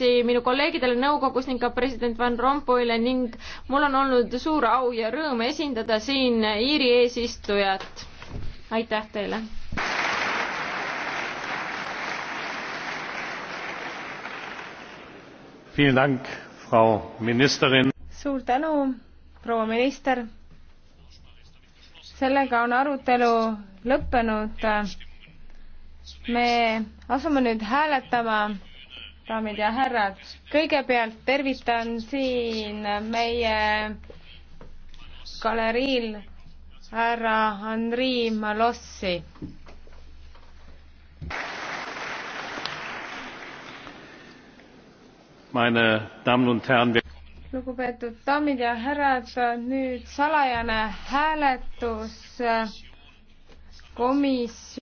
tagasi minu kolleegidele nõukogus ning ka president Van Rompuyle ning mul on olnud suur au ja rõõm esindada siin Iiri eesistujat. aitäh teile! suur tänu, proua minister! sellega on arutelu lõppenud me asume nüüd hääletama daamid ja härrad, kõigepealt tervitan siin meie galeriil härra Henri Malossi. lugupeetud daamid ja härrad, nüüd salajane hääletus komisjonis.